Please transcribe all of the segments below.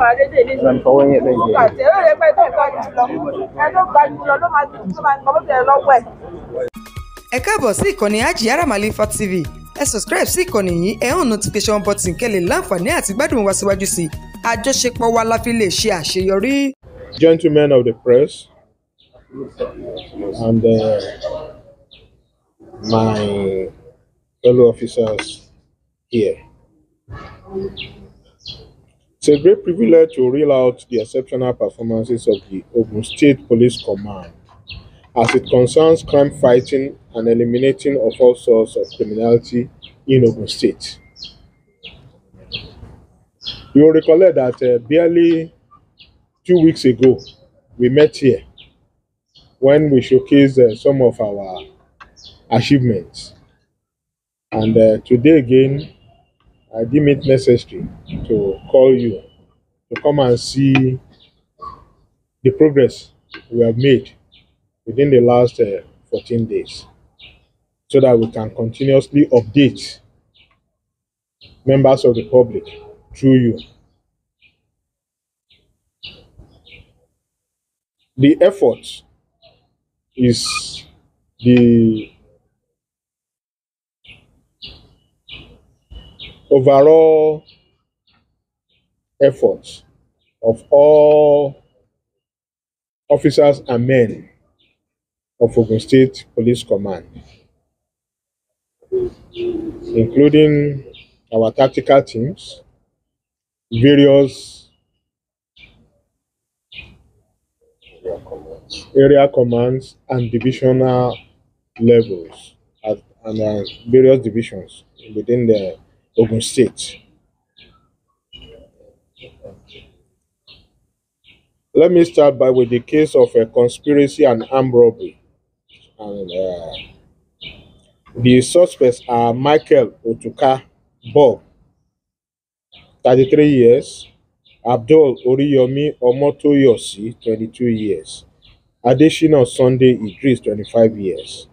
máa rédè lé ní ìgbà tí ẹ̀rọ rẹ̀ pẹ́ tó ń gbà jùlọ ẹ̀ tó gbà jùlọ ló máa tó máa gbọ́ bóṣe lọ́wọ́ ẹ̀. ẹ káàbọ̀ sí ìkànnì Ajiara Malifa TV ẹ subscribe sí ìkànnì yìí ẹ hàn notification button kẹ́lẹ̀ láǹfààní àti gbádùn wa síwájú sí i àjọṣepọ̀ wa la fi lè ṣe àṣeyọrí. Gentlemen of the press and uh, my fellow officers here. It's a great privilege to reel out the exceptional performances of the Ogun State Police Command as it concerns crime fighting and eliminating of all sorts of criminality in Ogun State. You will recall that uh, barely two weeks ago, we met here when we showcased uh, some of our achievements. And uh, today again, I deem it necessary to call you to come and see the progress we have made within the last uh, 14 days so that we can continuously update members of the public through you. The effort is the overall efforts of all officers and men of Ogun State Police Command, including our tactical teams, various area commands, and divisional levels at, and uh, various divisions within the Ogun State. Let me start by with the case of a conspiracy and armed robbery. And uh, the suspects are Michael Otuka Bob, 33 years, Abdul Oriyomi Omotoyosi, 22 years, Adeshina Sunday Idris, 25 years.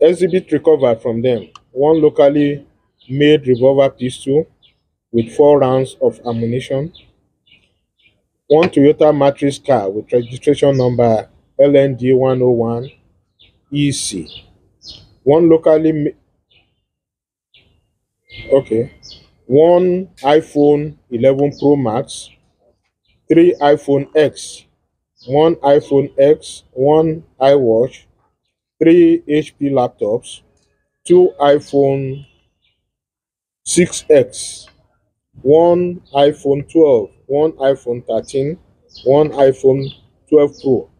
Exhibits recovered from them: One locally made revolver pistol with four rounds of ammunition, one Toyota Matrix car with registration number LND101EC, e one locally okay, one iPhone 11 Pro Max, three iPhone X, one iPhone X, one iWatch, three HP laptops, two iPhone 6X, one iPhone 12, one iPhone 13, one iPhone 12 Pro,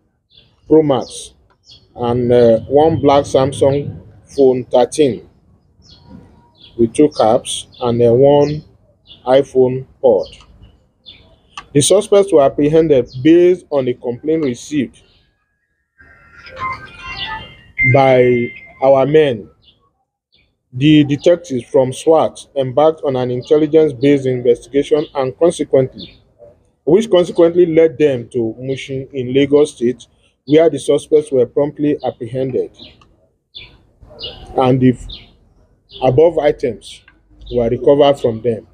Pro Max, and uh, one black Samsung Phone 13 with two caps and uh, one iPhone port. The suspects were apprehended based on the complaint received by our men. The detectives from SWAT embarked on an intelligence-based investigation and consequently, which consequently led them to Mushin in Lagos State, where the suspects were promptly apprehended and the above items were recovered from them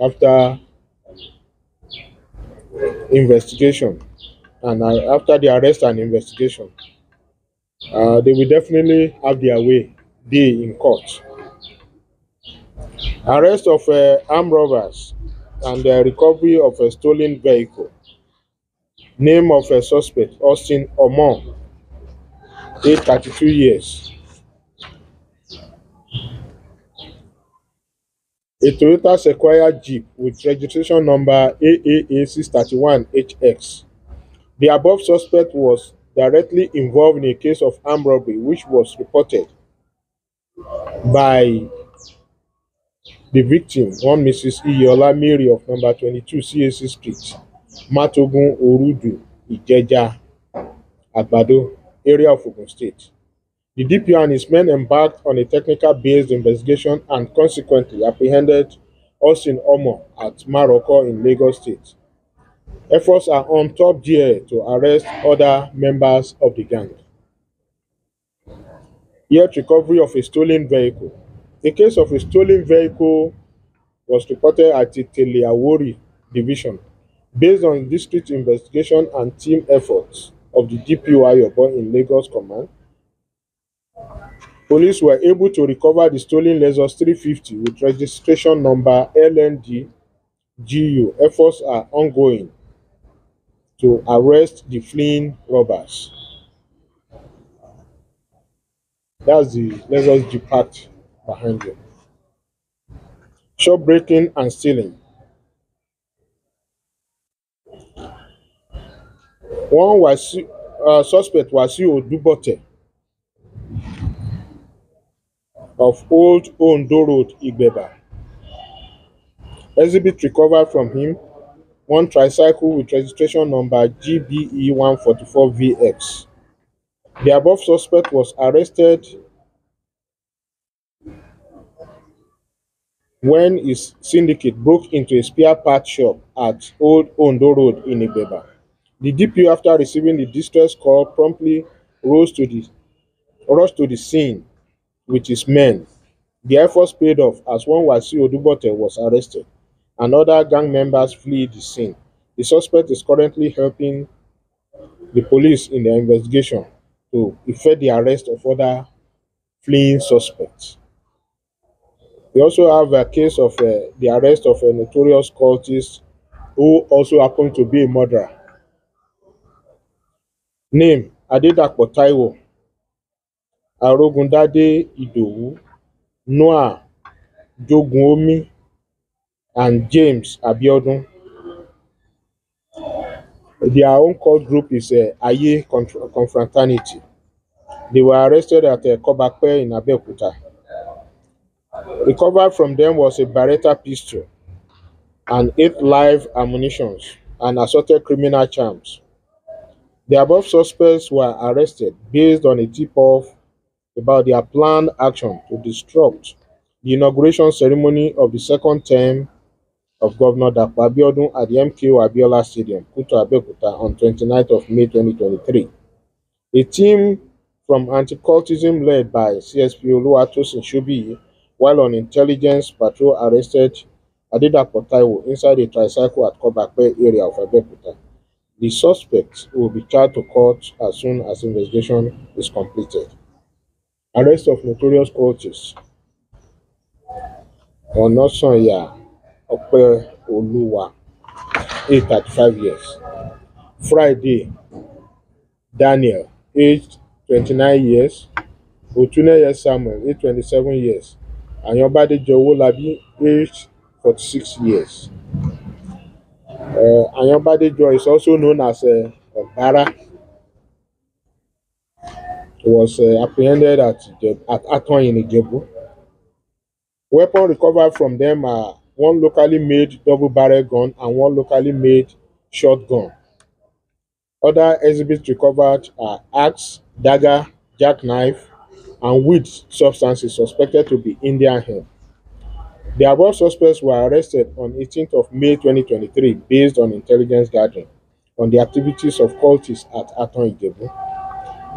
after investigation and uh, after the arrest and investigation. uh, they will definitely have their way day in court. Arrest of uh, armed robbers and the recovery of a stolen vehicle. Name of a suspect, Austin Omon, age 32 years. A Toyota Sequoia Jeep with registration number AAA631HX. The above suspect was directly involved in a case of armed robbery which was reported by the victim, one Mrs. Iyola Mary of number 22 CAC Street, Matogun Orudu, Ijeja, Agbado, area of Ogun State. The DPO and his men embarked on a technical-based investigation and consequently apprehended Austin Omo at Maroko in Lagos State. Efforts are on top gear to arrest other members of the gang. Yet recovery of a stolen vehicle. The case of a stolen vehicle was reported at the Teleawori division based on district investigation and team efforts of the DPY Obon in Lagos Command. Police were able to recover the stolen Lexus 350 with registration number LND GU. Efforts are ongoing to arrest the fleeing robbers. That's the let us depart behind it. Shop breaking and stealing. One was uh, suspect you Odubote of Old Ondo Road, Igbeba. Exhibit recovered from him one tricycle with registration number GBE144VX. The above suspect was arrested when his syndicate broke into a spare part shop at Old Ondo Road in Ibeba. The DPO, after receiving the distress call, promptly rose to the, rushed to the scene with his men. The efforts paid off as one Wasi Odubote was arrested. and other gang members flee the scene. The suspect is currently helping the police in their investigation to effect the arrest of other fleeing suspects. We also have a case of uh, the arrest of a notorious cultist who also happened to be a murderer. Name Adedapo Taiwo, Arogundade Idowu, Noah Jogunomi, and James Abiodun. Their own cult group is uh, Aye Confraternity. They were arrested at uh, Kobakpe in Abeokuta. Recovered from them was a Beretta pistol and eight live ammunitions and assorted criminal charms. The above suspects were arrested based on a tip-off about their planned action to disrupt the inauguration ceremony of the second term of Governor Dapo Abiodun at the MKO Abiola Stadium, Kuto Abekuta, on 29th of May 2023. A team from anti-cultism led by CSP Oluwatosin Shubiyi, while on intelligence patrol arrested Adedapo Taiwo inside a tricycle at Kobakpe area of Abekuta. The suspect will be charged to court as soon as investigation is completed. Arrest of notorious cultists. Onosanya ọpẹ́ olúwa age thirty five years friday daniel aged twenty nine years otuneye samuel age twenty seven years ayanbadejo owolabi aged forty six years uh, ayanbadejo is also known as uh, was uh, apprehended at, at Aton in Ijebu. Weapons recovered from them are one locally made double barrel gun and one locally made shotgun. Other exhibits recovered are axe, dagger, jackknife, and weed substances suspected to be Indian hemp. The above suspects were arrested on 18th of May 2023 based on intelligence gathering on the activities of cultists at Aton Igebo.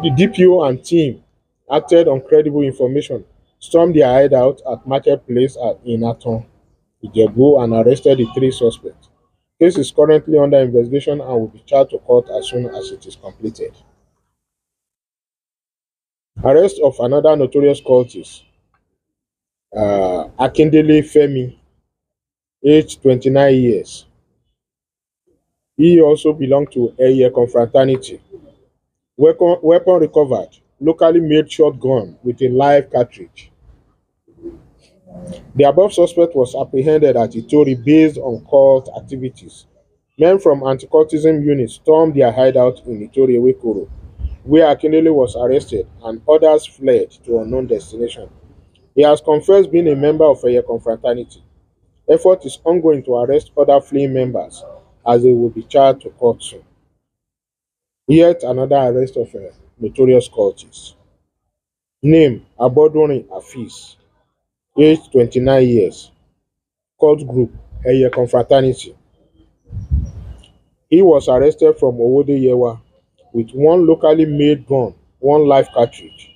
The DPO and team acted on credible information, stormed their hideout at Marketplace at in Aton, Ijebu and arrested the three suspects. Case is currently under investigation and will be charged to court as soon as it is completed. Arrest of another notorious cultist, uh, Akindele Femi, aged 29 years. He also belonged to Eye Confraternity. Weapon, weapon recovered, locally made shotgun with a live cartridge. The above suspect was apprehended at Itori based on cult activities. Men from anti-cultism units stormed their hideout in Itori Wekoro, where Akindele was arrested and others fled to unknown destination. He has confessed being a member of a confraternity. Effort is ongoing to arrest other fleeing members as they will be charged to court soon. Yet another arrest of a uh, notorious cultist. Name Abodoni Afis. age 29 years, cult group Eye Confraternity. He was arrested from Owodeyewa with one locally made gun, one live cartridge,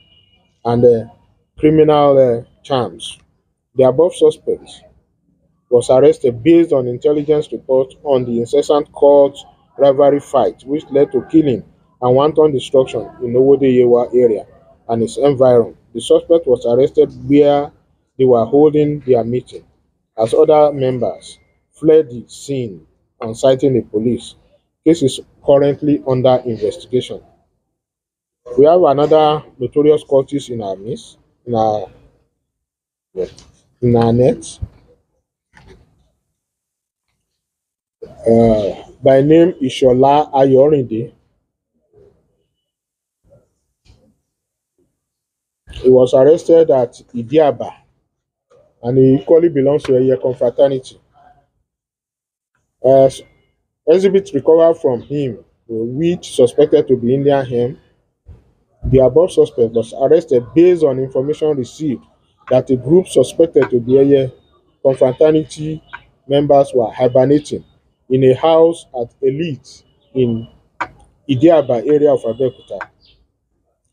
and uh, criminal uh, charms. The above suspect was arrested based on intelligence reports on the incessant cult rivalry fight, which led to killing and wanton destruction in Owodeyewa area and its environs. The suspect was arrested where they were holding their meeting as other members fled the scene and citing the police. This is currently under investigation. We have another notorious cultist in our midst, in our, in our net, uh, by name Ishola Ayorinde. He was arrested at Idiaba and he equally belongs to a year confraternity. Uh, exhibits recovered from him were suspected to be Indian hemp. The above suspect was arrested based on information received that a group suspected to be Eye confraternity members were hibernating in a house at Elite in Idiaba area of Abekuta.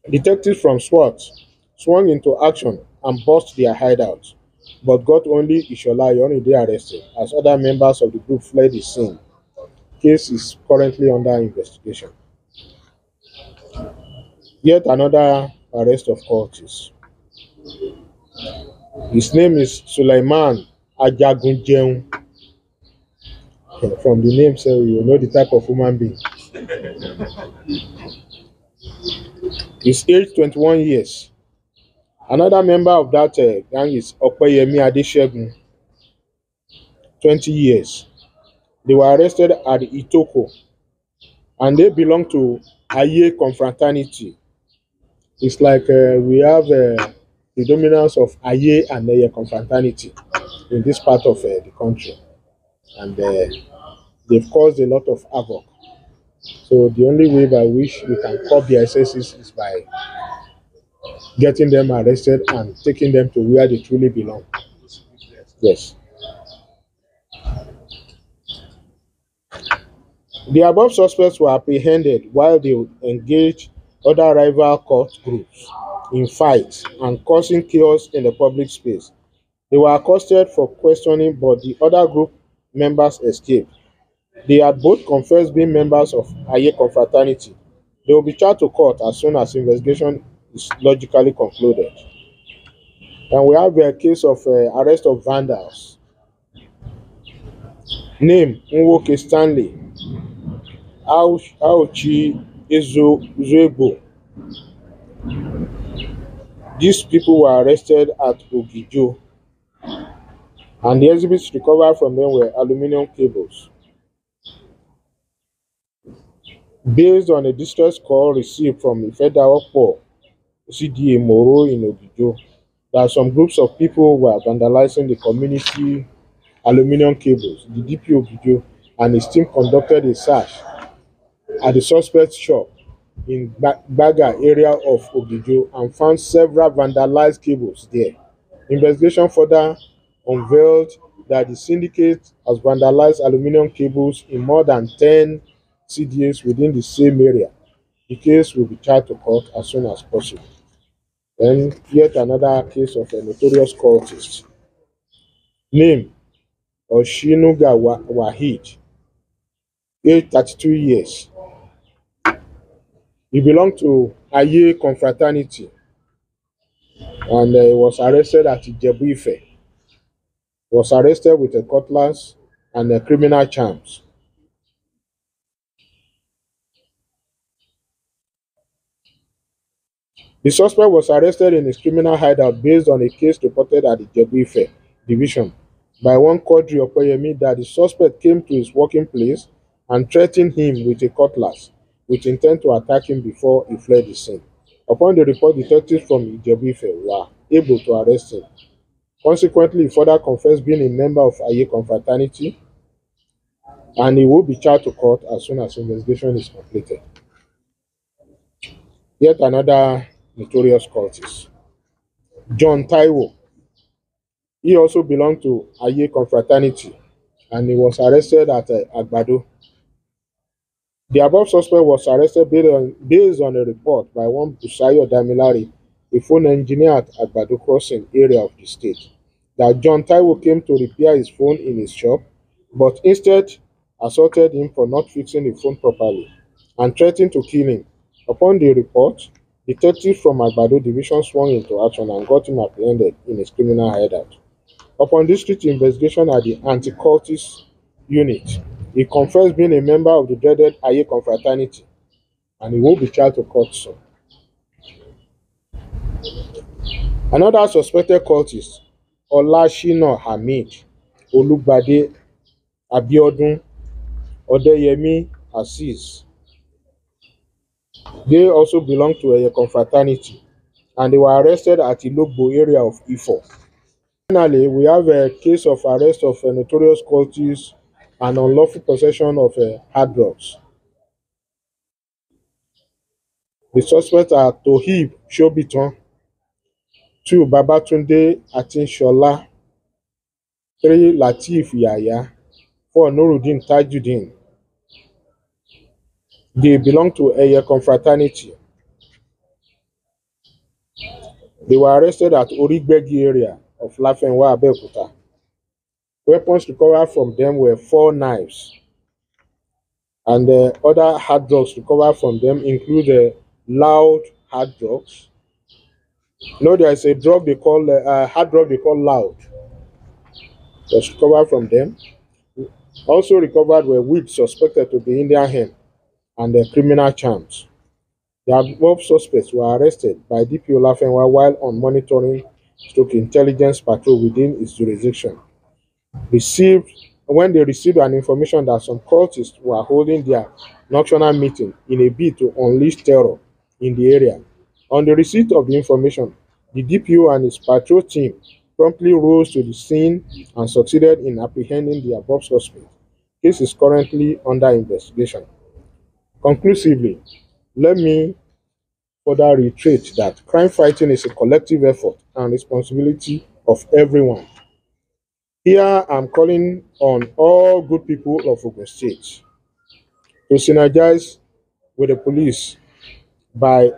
Detectives from SWAT swung into action and bust their hideout. but got only Ishola Yorinde arrested as other members of the group fled the scene. Case is currently under investigation. Yet another arrest of cultists. His name is Sulaiman Ajagunjeun. From the name, sir, you know the type of human being. His age 21 years. Another member of that uh, gang is Opeyemi Adeshegun, 20 years. They were arrested at Itoko and they belong to Aye confraternity. It's like uh, we have uh, the dominance of Aye and Aye confraternity in this part of uh, the country. And uh, they've caused a lot of havoc. So the only way by which we can curb the excesses is by getting them arrested and taking them to where they truly belong. Yes. The above suspects were apprehended while they engaged other rival cult groups in fights and causing chaos in the public space. They were accosted for questioning, but the other group members escaped. They had both confessed being members of Aye Confraternity. They will be charged to court as soon as investigation is logically concluded. And we have a case of uh, arrest of vandals. Name Nwoke Stanley, Aochi Ezuebo. These people were arrested at Ogijo, and the exhibits recovered from them were aluminum cables. Based on a distress call received from Ifedawapo CDA Moro in Ogijo that some groups of people were vandalizing the community aluminum cables. The DP Ogijo and his team conducted a search at the suspect's shop in Baga area of Ogijo and found several vandalized cables there. Investigation further unveiled that the syndicate has vandalized aluminum cables in more than 10 CDAs within the same area. The case will be tried to court as soon as possible. Then yet another case of a notorious cultist. Name Oshinuga Wahid, age 32 years. He belonged to Aye Confraternity and uh, was arrested at Jebuife. Was arrested with a cutlass and a criminal charms. The suspect was arrested in his criminal hideout based on a case reported at the jebu division by one Quadri Opoyemi that the suspect came to his working place and threatened him with a cutlass with intent to attack him before he fled the scene. Upon the report, detectives from ijebu were able to arrest him. Consequently, he further confessed being a member of Aye Confraternity and he will be charged to court as soon as investigation is completed. Yet another notorious cultists. John Taiwo, he also belonged to Aye confraternity and he was arrested at uh, Agbado. The above suspect was arrested based on, based on a report by one Busayo Damilari, a phone engineer at Agbado Crossing area of the state, that John Taiwo came to repair his phone in his shop, but instead assaulted him for not fixing the phone properly and threatened to kill him. Upon the report, Detective from Agbado Division swung into action and got him apprehended in his criminal hideout. Upon district investigation at the Anti-Cultist Unit, he confessed being a member of the dreaded Aye confraternity and he will be charged to court soon. Another suspected cultist, Olashina Hamid, Olugbade Abiodun, Odeyemi Aziz, They also belonged to a confraternity and they were arrested at the Ilokbo area of Ifo. Finally, we have a case of arrest of a notorious cultist and unlawful possession of uh, hard drugs. The suspects are Tohib Shobiton, two Babatunde Atinshola, three Latif Yaya, four Nuruddin Tajuddin, They belong to a confraternity. They were arrested at Origbegi area of Lafenwa Abeokuta. Weapons recovered from them were four knives. And the uh, other hard drugs recovered from them include uh, loud hard drugs. No, there is a drug they call uh, hard drug they call loud. Was recovered from them. Also recovered were weed suspected to be Indian hemp. and the criminal charms. The above suspects were arrested by DP Olafenwa while on monitoring stroke intelligence patrol within its jurisdiction. Received when they received an information that some cultists were holding their nocturnal meeting in a bid to unleash terror in the area. On the receipt of the information, the DPO and his patrol team promptly rose to the scene and succeeded in apprehending the above suspect. Case is currently under investigation. Conclusively, let me further reiterate that crime fighting is a collective effort and responsibility of everyone. Here I'm calling on all good people of Ogun State to synergize with the police by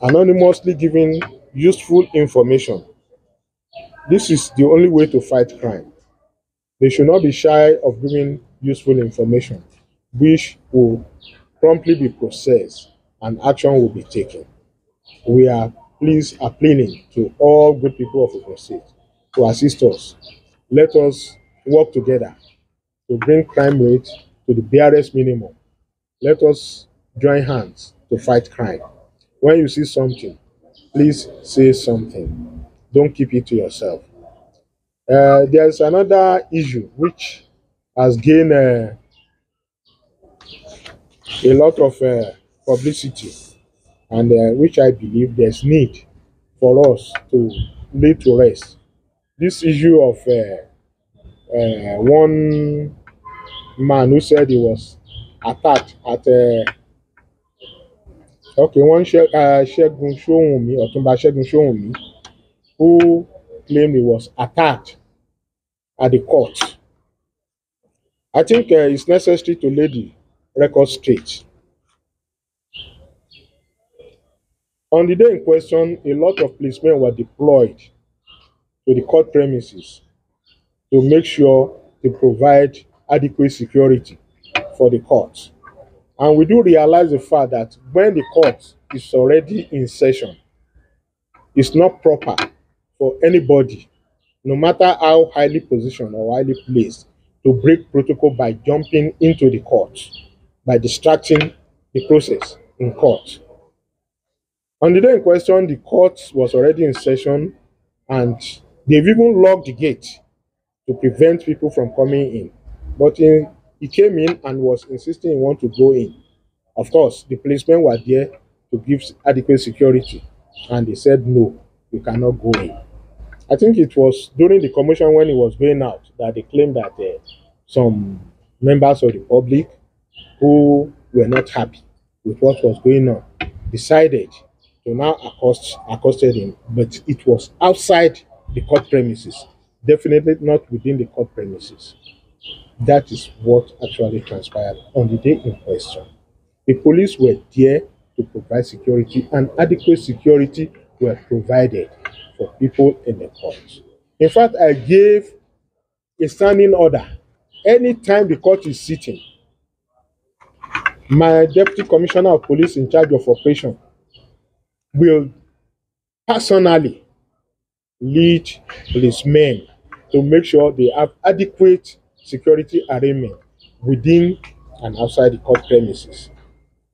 anonymously giving useful information. This is the only way to fight crime. They should not be shy of giving useful information which will promptly be processed and action will be taken. We are please appealing to all good people of Ogun State to assist us. Let us work together to bring crime rate to the barest minimum. Let us join hands to fight crime. When you see something, please say something. Don't keep it to yourself. Uh, there's another issue which has gained uh, a lot of uh, publicity, and uh, which I believe there's need for us to lay to rest. This issue of uh, uh, one man who said he was attacked at a uh, okay one she, uh, Segun Showunmi Otunba Segun Showunmi who claimed he was attacked at the court. I think uh, it's necessary to lay the record straight. On the day in question, a lot of policemen were deployed to the court premises to make sure they provide adequate security for the court. And we do realize the fact that when the court is already in session, it's not proper for anybody, no matter how highly positioned or highly placed, to break protocol by jumping into the court by distracting the process in court. On the day in question, the court was already in session and they've even locked the gate to prevent people from coming in. But in, he came in and was insisting he wanted to go in. Of course, the policemen were there to give adequate security and they said, no, you cannot go in. I think it was during the commission when he was going out that they claimed that uh, some members of the public who were not happy with what was going on decided to now accost, accosted him, but it was outside the court premises, definitely not within the court premises. That is what actually transpired on the day in question. The police were there to provide security, and adequate security were provided for people in the court. In fact, I gave a standing order. Anytime the court is sitting, my deputy commissioner of police in charge of operation will personally lead his men to make sure they have adequate security arrangement within and outside the court premises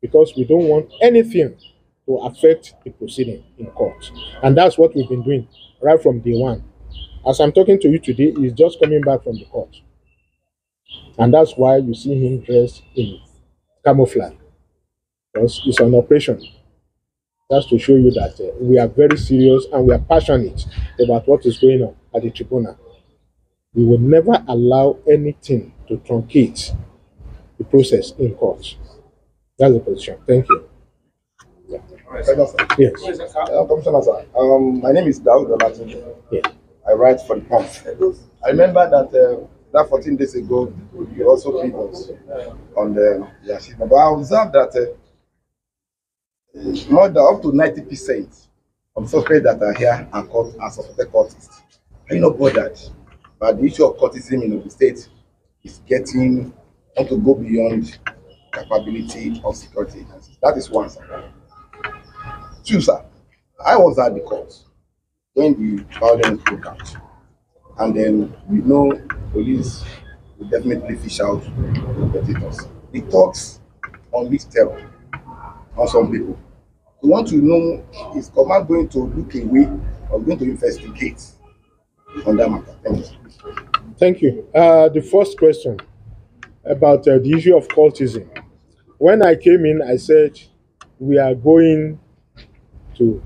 because we don't want anything to affect the proceeding in court. And that's what we've been doing right from day one. As I'm talking to you today, he's just coming back from the court. And that's why you see him dressed in camouflage because it's an operation. That's to show you that uh, we are very serious and we are passionate about what is going on at the tribunal. We will never allow anything to truncate the process in court. That's the position. Thank you. yes. Uh, sir. Um, my name is Daoud Yeah. I write for the pump. I remember that uh, that 14 days ago, he also beat us on the Yashima. But I observed that uh, more than up to 90% of suspects that are here are caught are suspected cultists. I know not that, But the issue of courtism in the state is getting not to go beyond capability of security agencies. That is one, sir. Two, sir, I was at the court when the violence broke out. And then we know police will definitely fish out competitors. The talks on this terror on some people. We want to know is command going to look away or going to investigate on that matter? Thank you. Thank you. Uh, the first question about uh, the issue of cultism. When I came in, I said we are going to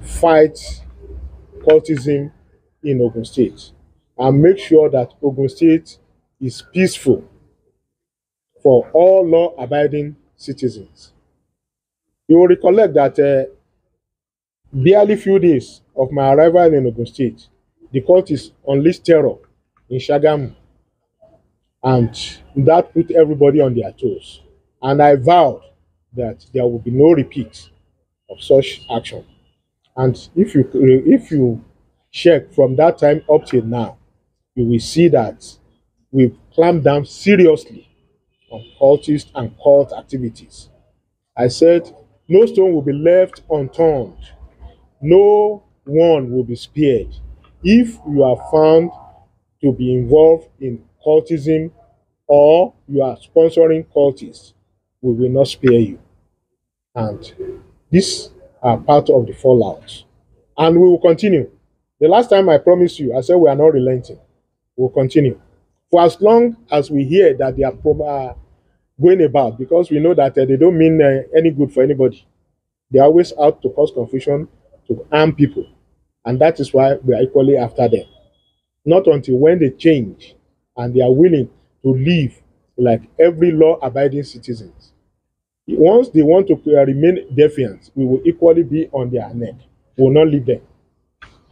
fight cultism in Ogun State and make sure that Ogun State is peaceful for all law-abiding citizens. You will recollect that uh, barely few days of my arrival in Ogun State, the cultists unleashed terror in Shagamu, and that put everybody on their toes. And I vowed that there will be no repeat of such action. And if you if you check from that time up till now, you will see that we've clamped down seriously on cultist and cult activities. I said, no stone will be left unturned, no one will be spared if you are found to be involved in cultism or you are sponsoring cultists. We will not spare you. And these are part of the fallout. And we will continue. The last time I promised you, I said we are not relenting will continue for as long as we hear that they are prob- uh, going about because we know that uh, they don't mean uh, any good for anybody. They're always out to cause confusion, to harm people. And that is why we are equally after them. Not until when they change and they are willing to live like every law abiding citizens. Once they want to uh, remain defiant, we will equally be on their neck. We will not leave them.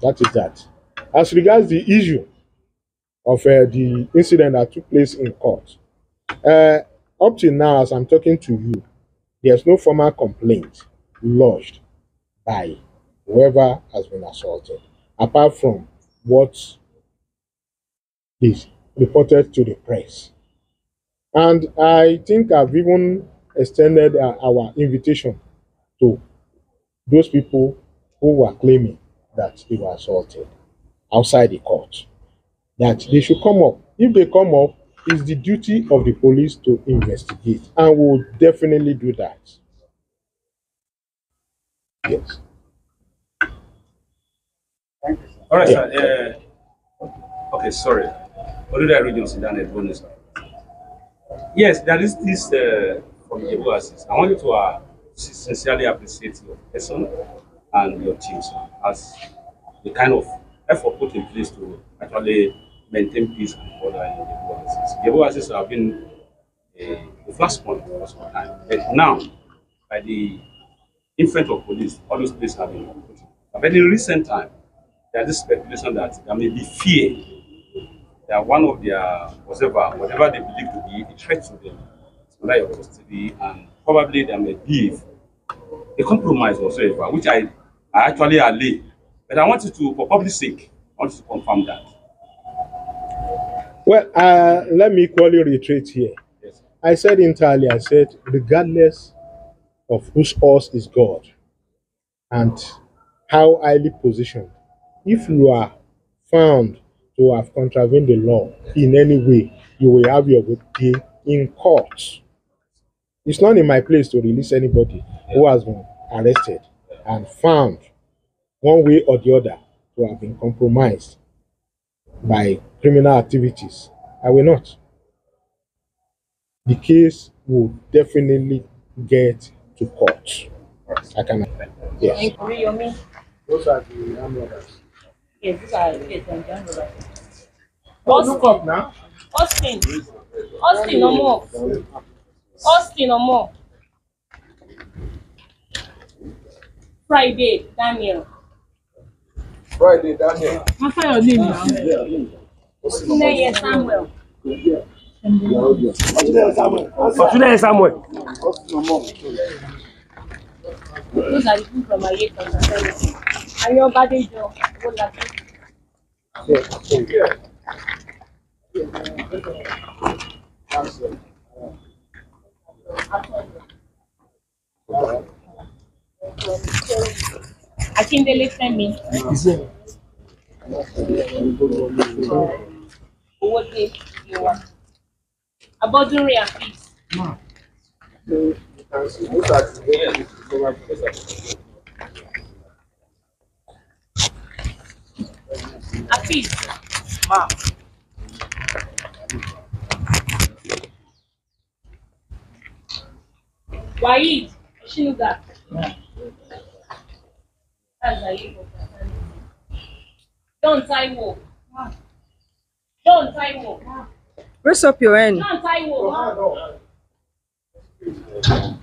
That is that. As regards the issue of uh, the incident that took place in court. Uh, up till now, as I'm talking to you, there's no formal complaint lodged by whoever has been assaulted, apart from what is reported to the press. And I think I've even extended uh, our invitation to those people who were claiming that they were assaulted outside the court. that they should come up. If they come up, it's the duty of the police to investigate, and we will definitely do that. Yes. Thank you, All right, yeah. sir. Uh, okay, sorry. What did I read in Sudan bonus? Yes, there is this uh, the assist. I want you to uh, sincerely appreciate your person and your teams as the kind of effort put in place to actually maintain peace and order in the oasis. The oasis have been eh, the a flashpoint for some time, but now, by the influence of police, all those places have been But in recent time, there is speculation that there may be fear that one of their whatever, whatever they believe to be a threat to them, like your custody, and probably there may be a compromise whatever, which I, I actually allay. But I want you to, for public sake, I want you to confirm that. Well, uh, let me equally retreat here. Yes. I said entirely, I said, regardless of whose horse is God and how highly positioned, if you are found to have contravened the law in any way, you will have your day in court. It's not in my place to release anybody who has been arrested and found one way or the other to have been compromised by criminal activities. I will not. The case will definitely get to court. I can. Yes. you Those are the arm Yes, these are yes, the arm robbers. Oh, up now. Austin. Austin, no more. Austin, no more. Friday, Daniel. Friday Daniel. What's your name now? Tunde Samuel. Tunde Samuel. Oh, Tunde Samuel. Those are the people from Ayeko. Akíndélé Fẹ́mi. Owódé Yorùbá. Abọ́dúnrin Afis. Afis. Waheed Shinuga. Yeah. Don't John Don't John Taiwo. Raise up your end. Don't John Taiwo.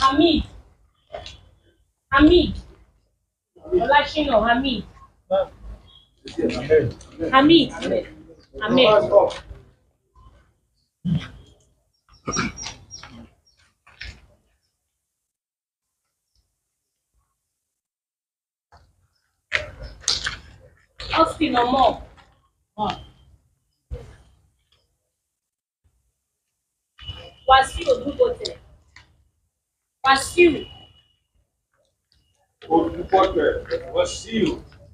Hamid. Hamid. Olashino Hamid. Hamid. Hamid. Hamid. nothing no more. Wàsíù Olúbọ̀tẹ̀. Wàsíù. Olúbọ̀tẹ̀. Wàsíù.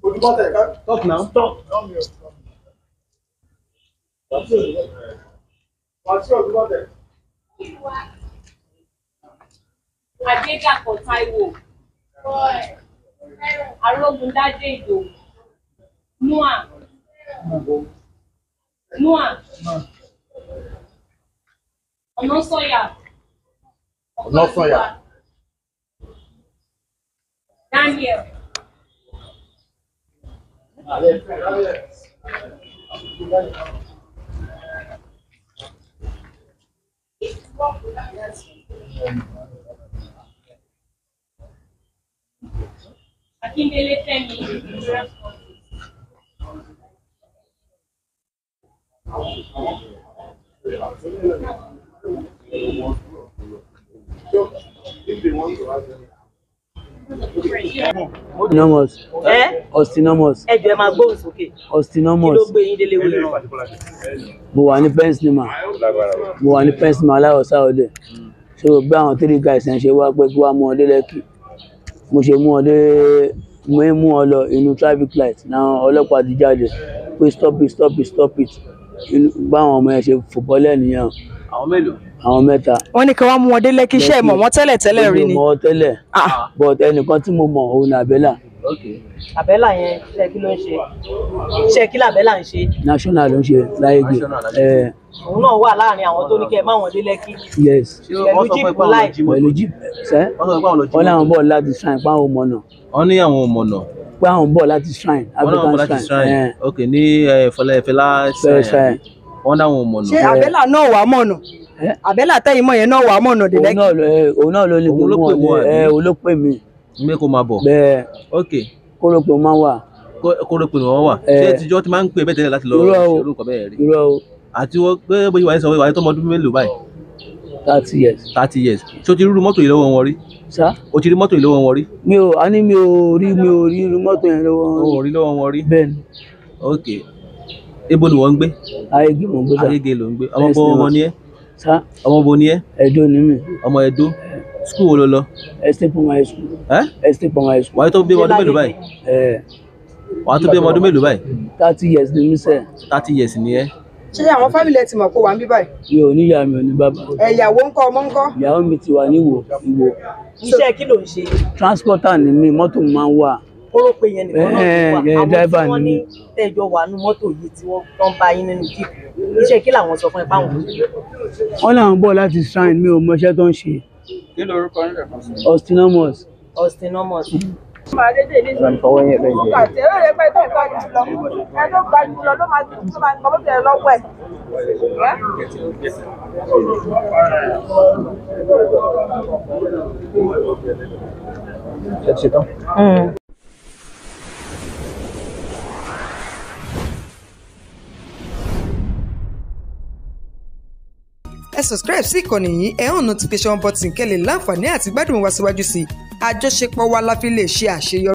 Olúbọ̀tẹ̀ talk now. Stop. Wàsíù Olúbọ̀tẹ̀. Adédàpọ̀ Táíwò. Arógundádé Ìdòwú. Noir. Noir. não nosso olhar. não sou olhar. Daniel. Aqui em Belém tem né? Osteonomous. Eh? Osteonomous. Ẹ jọ̀ọ́ ẹ máa gbóhùn sókè. Osteonomous. Kí ló gbé yín délé wúlò náà? Mo wà ní Pennsylvania. Mo wà ní Pennsylvania aláwọ̀ sáwọ́dẹ. Ṣé o gbé àwọn three guys ẹ̀ ṣe wá pé kí wá mú ọ dé Lẹ́kì? Mo ṣe mú ọ dé mo ń mú ọ lọ inú traffic light náà ọlọ́pàá ti jáde pé stop it stop it stop it báwọn ọmọ yẹn ṣe fòbọ́lẹ̀ nìyẹn. Àwọn mélòó? àwọn mẹ́ta. wọ́n ní kí wọ́n mú wọn dé lẹ́kí iṣẹ́ mọ̀ wọ́n tẹ́lẹ̀ rí ni. mo mọ̀ tẹ́lẹ̀ ah. but ẹnìkan tí mo mọ̀ òun ni àbẹ́là. àbẹ́là yẹn ṣe kí ló ń ṣe ṣe kí làbẹ́là ń ṣe. national ló ń ṣe láyégbé. Eh. òun náà wà láàrin àwọn tó ní kẹ́ ẹ má wọn dé lẹ́kí. yes pẹ̀lú jíìpù láì. pẹ̀lú jíìpù sẹ́ wọ́n láwọn bọ̀ láti sign pa àwọn ọmọ náà. wọ́n ní àwọn ọmọ náà pé àwọn bọ̀ láti shrine african shrine. ok ní fẹlẹ́ fẹlá shrine wọ́n dáwọn ọmọ náà. ṣé àbẹ́là náà wà mọ̀nà àbẹ́là eh, tẹ́yìn mọ̀ yẹn náà wà mọ̀nà dé lẹ́kì. Eh, òun náà ló lè pè mọ́ ẹ eh, òun ló pè mí. mi kò máa bọ̀ bẹ́ẹ̀ ok kórópè máa wà. kórópè máa wà ṣé ìtijọ́ ti máa ń pè bẹ́ẹ̀ tẹ́lẹ̀ láti lọ ṣerú nǹkan bẹ́ẹ̀ rí. àti wọ́n pé bó ṣe wà ní sọ wà ní tọ́mọ ọdún mélòó báyìí. thirty years. thirty years ṣé o ti rú mọ́tò yìí lọ́wọ́ wọn rí. sá o ti rí mọ́tò yìí lọ́wọ́ wọn rí. mi ò a ní mi ò rí mi ò rí mọ́tò yẹn lọ́wọ́ wọn rí. o sa. ọmọ bo ni ẹ. Ẹdó ni mi. ọmọ Ẹdó skul wo ló lọ. Estate Primary School. ẹ Estate Primary School. wàá tó bí ọdún mélòó báyìí. wàá tó bí ọdún mélòó báyìí. thirty years ni mi ṣe. thirty years ni ẹ. ṣé àwọn fámìlì ẹ ti mọ̀ kó wà ń bí báyìí. mi ò níyà mi ò ní bàbá. ẹ̀yàwó ńkọ́ ọmọ ńkọ́. ìyàwó mi ti wà ní Ìwó iṣẹ́ kí ló ń ṣe. transporter ni mi mọ́tò máa ń wà ó rò pé yẹn nìkan náà ti wà eh, eh, àwọn tí wọ́n ní tẹ́jọ wà nínú mọ́tò yìí tí wọ́n bá yín nínú jíìpù iṣẹ́ kí làwọn sọ fún ẹ báwọn. wọ́n làwọn bọ̀ láti shrine mi ò mọṣẹ́ tó ń ṣe. kí ló máa ń gbọ́ bẹ̀rẹ̀ lọ́wọ́ ẹ̀. Ẹ ti ẹ subscribe sí ìkànnì yìí ẹ hàn notification button kẹ́ lè láǹfààní àti gbádùn wa síwájú sí i àjọṣepọ̀ wa la fi lè ṣe àṣeyọrí.